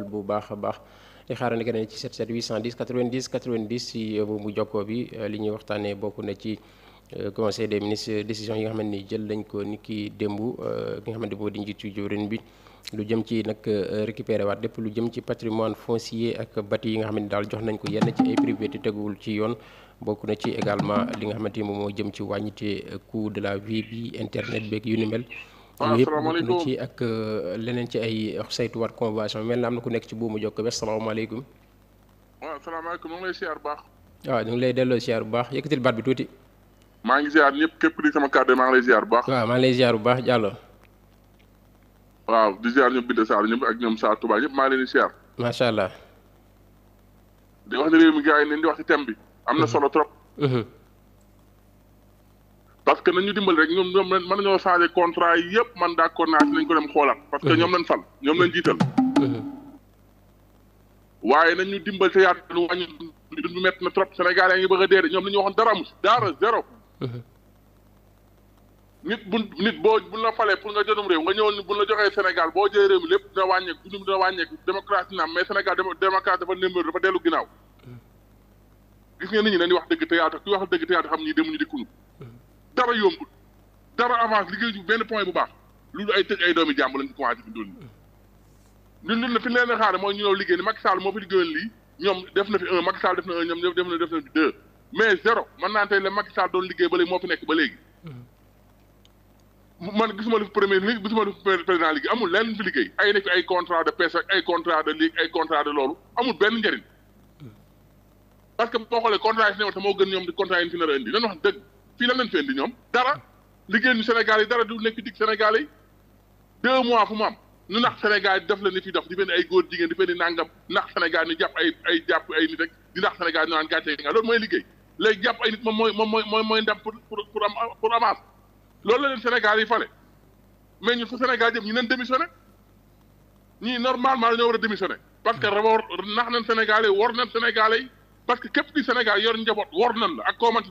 bu baax a baax di xaarandi keneen ci 77 810 90 90 si bu mu jokkoo bi euh, li ñuy waxtaanee bokk na ci euh, conseil des ministres décision yi nga xamante ni jël lañ ko ni ki démb euh, ki nga xamante boo di njiitu jëwrin bi lu jëm ci nag récupérer waat lépp lu jëm ci patrimoine foncier ak bâti yi nga xamante ni daal jox nañ ko yenn ci ay privé te teguwul ci yoon bokk na ci également li nga xamante ni moom moo jëm ci wàññite coût de la vie bi internet beeg yu ni mel waaw asalaamaaleykum ci ak euh, leneen ci ay saytuwaat convention mel na am na ku nekk ci buumu jokk bi asalaamaaleykum. waaw asalaamaaleykum ñu ngi lay siyaar bu baax. waaw ñu ngi lay delloo siyaar bu baax yëkkatil baat bi tuuti. maa ngi ziar ñëpp képp di sama kàddu maa ngi lay ziar bu baax. waaw maa ngi lay bu baax Diallo. waaw di ziar ñoom Binta Sarr ñëpp ak ñoom Sarr Touba ñëpp maa ngi leen di ziar. allah. di wax ne réew mi gars yi nañ di wax ci thème bi. am na solo trop. parce que nañu dimbali rek ñoom ñoom mën nañoo changer contrat yi yëpp man d'accord naa si nañ ko dem xoolaat parce que ñoom lañ fal ñoom lañ jiital waaye nañu dimbal te yaatu lu wàññi na trop Sénégal yaa ngi bëgg de ñoom li ñu waxoon dara amul dara zéro nit bu nit boo bu la falee pour nga jëndum réew nga ñëwoon buñ la joxee Sénégal boo jëlee réew mi lépp dina wàññeek dund dina wàññeeku démocratie na am mais Sénégal démocratie dafa némbér dafa dellu ginnaaw gis nga nit ñi dañuy wax dëgg te yaatu ku wax dëgg te yaatu xam ñi demuñu dikkuñu dara yombul dara avance liggéey ñu benn point bu baax lu loolu ay tëj ay doomi jàmbur lañ commencé fi doon ñun ñun fi ñu leen xaare mooy ñu ñëw liggéey ni Macky Sall moo fi liggéeyoon lii ñoom def na fi un Macky Sall def na na def na fi deux mais zéro man naa tey la Macky Sall doon liggéey ba léegi moo fi nekk ba léegi mm-hmm. man gisuma lu fi premier ministre gisuma lu fi président liggéey amul lenn fi liggéey ay nekk ay contrat de pêche ak ay contrat de ligue ay contrat de loolu amul benn njëriñ mm-hmm. parce que boo xoolee contrat yi fi newoon te moo gën ñoom fii la leen fi indi ñoom dara liggéey ñu Sénégal yi dara du nekk dig Sénégal yi deux mois fu mu am ñu nax Sénégal yi def la ni fi def di benn ay góor jigéen di benn nangam nax Sénégal ñu jàpp ay ay jàpp ay nit rek di nax Sénégal ñu naan gàcce nga loolu mooy liggéey léegi jàpp ay nit moom mooy moom mooy mooy ndam pour pour pour am pour avance loolu la leen Sénégal yi fale mais ñun fu Sénégal jëm ñu leen démissionné ñii normalement dañoo war a démissionné parce que war nax nañ Sénégalais war nañ Sénégalais parce que képp di Sénégal yor njaboot war nañ ak koo mën ci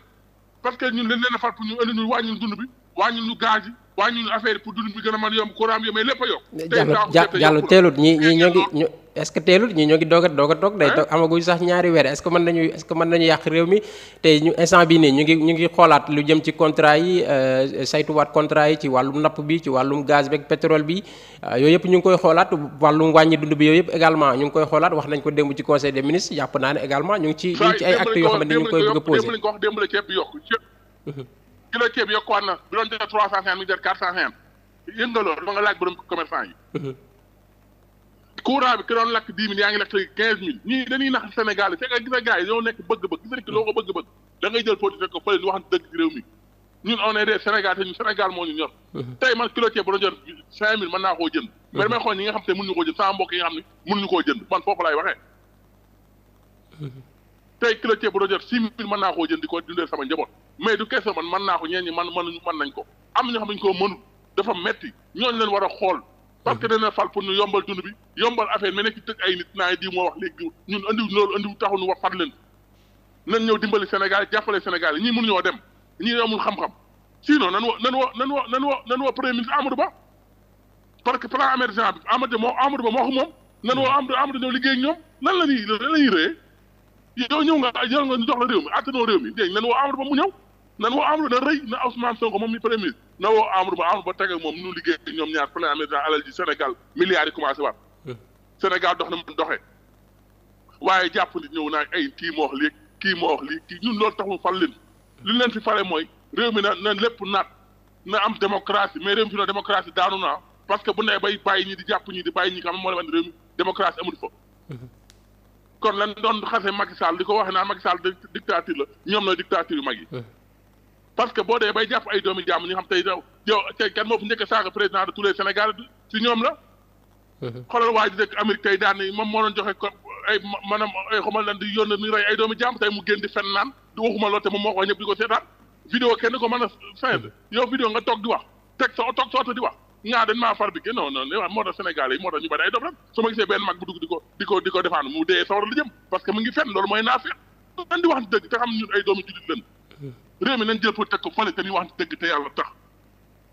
parce que ñun dañ leen a far pour ñu indi ñu wàññi dund bi wàññi ñu gaz affaire pour dund bi gën a mën yomb lépp a yokk. tey jàll ñi ñi ñoo est-ce que teelut ñi ñoo ngi doog a a toog day ah. toog amaguñ sax ñaari weer est-ce que mën nañu est-ce que mën nañu yàq réew mi tey ñu instant bi nii ñu ngi ngi xoolaat lu jëm ci contrat yi euh, saytuwaat contrat yi ci wàllum napp bi ci wàllum gaz beeg pétrole bi euh, yooyu yëpp ñu ngi koy xoolaat wàllum wàññi dund bi yooyu yëpp également ñu ngi koy xoolaat wax nañ ko démb ci conseil des ministres jàpp naa ne également ñu ngi ci ay actes yoo xam ne ñu ngi koy a nga courant bi ki doon lakk dix mille yaa ngi lakk léegi quinze mille ñii dañuy nax Sénégal yi c'est que gis nga gars yi ñoo nekk bëgg ñu wax dëgg ci réew mi ñun on est Sénégal te ñun Sénégal moo ñu ñor mhm. tey man kilo ceeb bu doon jot cinq mille mën naa koo jënd mhm. mais damay xool ñi nga xam te mënuñu koo jënd sama mbokk yi nga xam ne mënuñu koo jënd man foofu laay waxee mhm. tey kilo ceeb bu doon jot six mille mën naa koo jënd di ko dundee sama njaboot mais du question man mën naa ko ñeen ñi man mënuñu mën nañ ko am ñoo xam ne ñu koo mënul dafa metti ñooñu leen war a xool parce que dana fal pour ñu yombal dund bi yombal affaire mais nekk ci tëj ay nit naa di moo wax léegi ñun andiw loolu andiw taxul wax far leen nan ñëw dimbali Sénégal jàppale Sénégal yi ñii mun ñoo dem ñii amul xam-xam sinon nan woo nan woo nan woo nan woo nan woo premier ministre Amadou parce que plan émergent bi Amadou moo Amadou Ba moo ko moom nan woo Amadou Amadou ñëw liggéey ñoom nan la ñuy lan la ñuy rëy yow ñëw nga yow nga ñu jox la réew mi attanoo réew mi Ba mu ñëw nan woo Amadou na rëy na Ousmane Sonko moom mi premier ministre na woo Amadou Ba Amadou Ba teg ak moom nu liggéey ñoom ñaar plan Amédina alal Sénégal milliards yi commencé waat eh. Sénégal dox na mu doxee waaye jàpp nit ñëw naa ay kii moo wax lii kii moo wax lii kii ñun loolu taxul fal leen li leen fi fale mooy réew mi na na lépp naat na am démocratie mais réew mi fi na démocratie daanu naa parce que bu ne bay bàyyi ñi di jàpp ñi di bàyyi ñi xam moo leen réew mi démocratie amul fa mm-hmm. kon di ko waxee naan Macky Sall dictature la ñoom na dictature yu mag yi eh. parce que boo dee bay jàpp ay doomi jàmm ñu xam tey daw yow tey kan moo fi njëkk a saaga président de tous ñoom la. Mhm. xoolal waa ji dëkk Amérique tey daan ni moom moo doon rey ay doomi jàmm tey mu génn di fen naan di wax ñëpp di ko seetaan. vidéo mhm. di di di di lan réew mi nañ jël pour ko fële te ñu wax dëgg te yàlla tax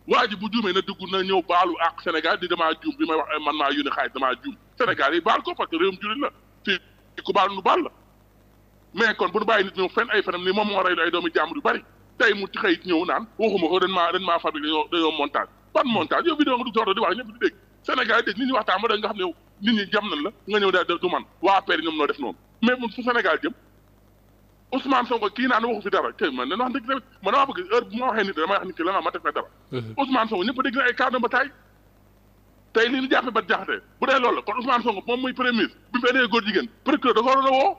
waa ji bu juumee na dugg na ñëw baalu ak Sénégal di damaa juum bi may wax man maa yónnee xaalis damaa juum Sénégal yi baal ko parce que réewum jullit la fii ku baal nu baal la mais kon bu nu bàyyi nit ñëw fenn ay fenam ni moom moo rey ay doomi jàmbur yu bari tey mu ci xëyit ñëw naan waxuma ko dañ maa dañ maa fabriqué dañoo dañoo montage ban montage yow vidéo nga dugg soxla di wax ñëpp di dégg Sénégal yi dégg nit ñi waxtaan ba da nga xam ne nit ñi jam la nga ñëw daal du man waa affaire yi ñoom noo def noonu mais fu Ousmane Sonko kii naan waxu fi dara tey ma waxee nit damay wax nit ki la nga ma defee dara. Ousmane Sonko ñëpp dégg na ay cas de bataille tey lii ñu jàppee ba jaxate bu dee loolu la kon Ousmane Sonko moom muy premier bi mu indee góor jigéen procureur da ko waroon woo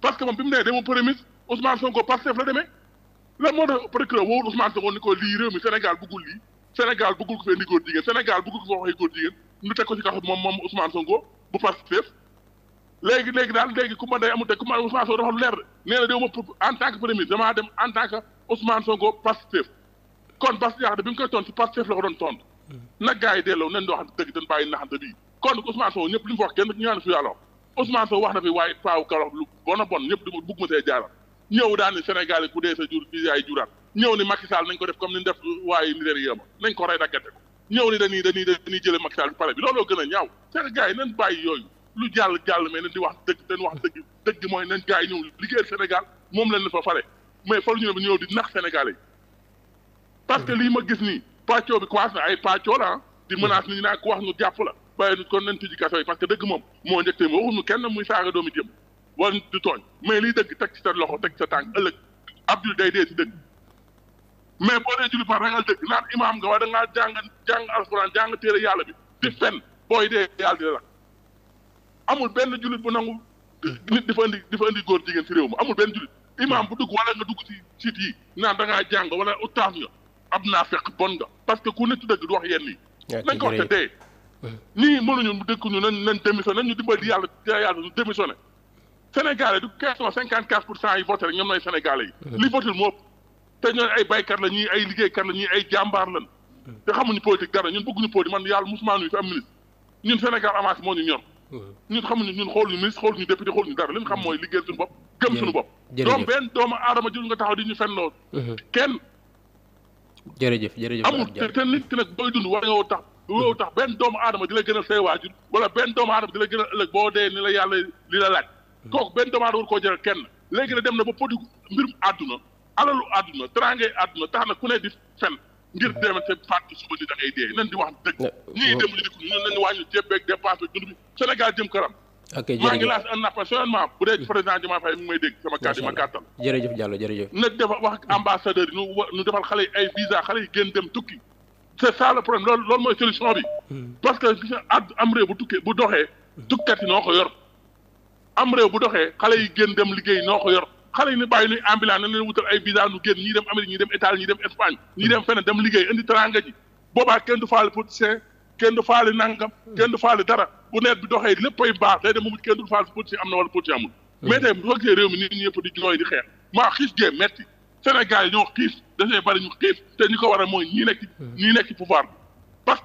parce moom bi mu nee demoo premier ministre Ousmane Sonko Pastef la demee lan moo tax procureur woowul Ousmane Sonko ni ko lii réew mi Sénégal bëggul lii Sénégal bëggul ko Sénégal bëggul ko fi waxee ko ci kaso léegi léegi daal léegi ku ma day amul te ku ma Ousmane Sonko dafa lu leer nee na déwuma en tant que premier ministre damaa dem en tant que Ousmane Sonko Pastef kon Bass Diakhaté bi nga koy tontu Pastef la ko doon tontu nag gars yi delloo nañ wax dëgg dañ bàyyi naxante bii kon Ousmane Sonko ñëpp li mu wax kenn ñu naan fi alors Ousmane Sonko wax na fi waaye paaw Kaolack lu bon a bon ñëpp dima bugg ma see jaaral ñëw daal ni Sénégal yi ku dee sa jur bi yaay juraat ñëw ni Macky Sall nañ ko def comme ni ñu def waaye Nigéria ma nañ ko rey daggante ko ñëw ni dañuy dañuy dañuy jële Macky Sall bi pare bi looloo gën a ñaaw c'est que gars yi nañ bàyyi yooyu lu jàll jàll mais nañ di wax dëgg dañ wax dëgg dëgg mooy nañ gars yi ñëw liggéeyal Sénégal moom lañ la fa fare mais fa ñu ne ñëw di nax Sénégalais yi parce que mm-hmm. lii ma gis nii pàccoo bi commencé na ay pàccoo la ah. di mm-hmm. menace nit ñi naan ku wax ñu jàpp la bàyyi nu kon nañ tijji kaso parce que dëgg moom moo njëkk tamit waxuñu kenn muy saaga doomi jëm wala du tooñ mais lii dëgg teg ci sa loxo teg ci sa tànk ëllëg Abdul day dee si dëgg mais boo dee julli par ragal dëgg naan nga waaye da ngaa jàng jàng alxuraan jàng téere yàlla bi di fen la amul benn jullit bu nangu nit di fa indi di fa indi góor jigéen ci réew mi amul benn jullit imaam bu dugg wala nga dugg ci siit yi naan da ngaa jàng wala nga ab naa fekk bon nga parce que ku ne ci dëgg du wax yenn yi. nañ ko wax te dee. nii mënuñu dëkk ñu nañ nañ démissionné nañ ñu dimbali yàlla ñu démissionné. Sénégalais du question cinquante quatre pour cent yi voté rek ñoom ñooy Sénégalais yi. li voté moo ay baykat la ñii ay liggéeykat la ñii ay jàmbaar lañ. te xamuñu politique dara ñun bëgguñu politique man yàlla musulmaan yi fi am ministre ñun Sénégal avance moo ñu ñor ñun xamuñu ñun xool ñu ministre xool ñu député xool ñu dara li ñu xam mooy liggéeyal suñu bopp gëm suñu bopp doom benn doomu aadama jël di ñu fenn lool mhm. kenn jërëjëf booy dund war nga woo tax woo tax benn doomu aadama di la gënal say waajur wala benn doomu aadama di la gënal ëllëg boo dee ni la yàlla li la laaj mhm. kooku benn doomu aadama war koo jëral kenn léegi na dem na ba podi mbirum àdduna alalu àdduna teraangay àdduna tax na ku ne di fen ngir demante parti suba ni da ngay dee nan di wax dëgg ñii dem jëm kanam ok ngi laaj un appel seulement bu dee président Diomaye Faye mi ngi may dégg xale yi ay visa dem tukki c'est ça le problème loolu loolu mooy solution hmm. que am réew bu tukkee bu doxee tukkat noo ko yor am bu doxee xale yi gën dem liggéey noo ko yor xale yi ne bàyyi nuy ambulant na leen wutal ay visa nu génn ñii dem Amérique ñii dem Italie ñii dem Espagne ñii dem feneen dem liggéey indi teranga ji kenn du faale politicien kenn du faale nangam kenn du faale dara bu nawet bi doxee léppay baax day dem mu mujj kenn du faale politicien am na wala politicien amul mm-hmm. mais tey soo gisee mi nit ñi yëpp di jooy di xeex maa xiif gee metti Sénégal yi ñoo xiif bari ñu xiif te ñu ko war a mooy ñii nekk mm-hmm. ñii nekk pouvoir parce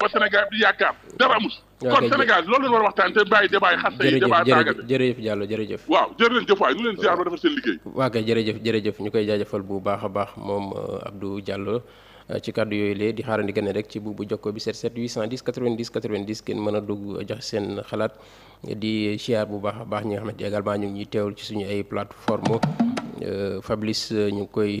ba Sénégal di yaakaar dara amul. kon Sénégal loolu la war a waxtaan te bàyyi débat yi xasta yi débat tàggate jërëjëf Diallo jërëjëf waaw jërë leen jëf waay leen ziar ba defar seen liggéey waa kay jërëjëf jërëjëf ñu koy jaajëfal bu baax a baax moom euh, Abdou Diallo euh, ci kàddu yooyu lee di xaarandi gën rek ci buubu jokko bi 77 810 90 90 ngeen mën a dugg euh, jox seen xalaat di ziar bu baax a baax ñi nga xamante également ñu ngi ñuy teewul ci suñu ay plateforme Fabrice ñu ngi koy